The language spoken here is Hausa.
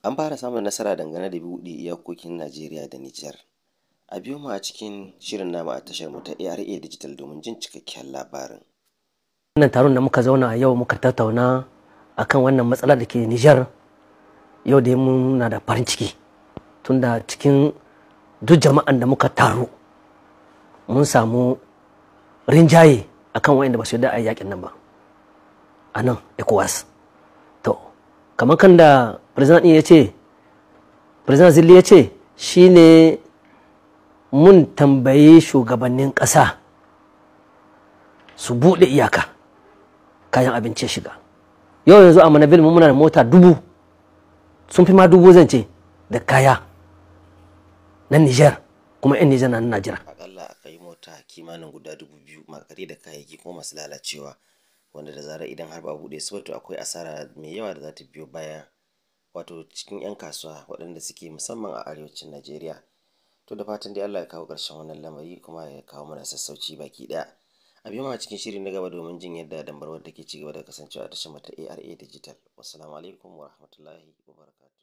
An fara samun nasara dangane da buɗe iyakokin Najeriya da Nijar. A biyo mu a cikin shirin namu a tashar mu ta ARA Digital domin jin cikakken labarin. Wannan taron da muka zauna a yau muka tattauna akan wannan matsala da ke Nijar yau dai muna da farin ciki tunda cikin duk jama'an da muka taru mun samu rinjaye akan wayanda ba su yarda a yakin nan ba a nan ECOWAS. To, kamar kan da president ya ce president zilli ya ce ne mun tambayi shugabannin ƙasa su buɗe iyaka kayan abinci shiga yau yanzu a manabil muna da mota dubu sun fi ma dubu zance da kaya na niger kuma 'yan niger na najira akalla aka yi mota kimanin guda dubu biyu makare da kayayyaki kuma masu lalacewa wanda da zara idan har ba buɗe su to akwai asara mai yawa da za ta biyo baya wato cikin 'yan kasuwa waɗanda suke musamman a arewacin Najeriya. To da fatan dai Allah ya kawo ƙarshen wannan lamari kuma ya kawo mana sassauci baki ɗaya. A biyu ma cikin shiri na gaba domin jin yadda dambarwar da ke ci gaba da kasancewa a tashar mata ARA Digital. wasu alaikum wa rahmatullahi wa barakatuh.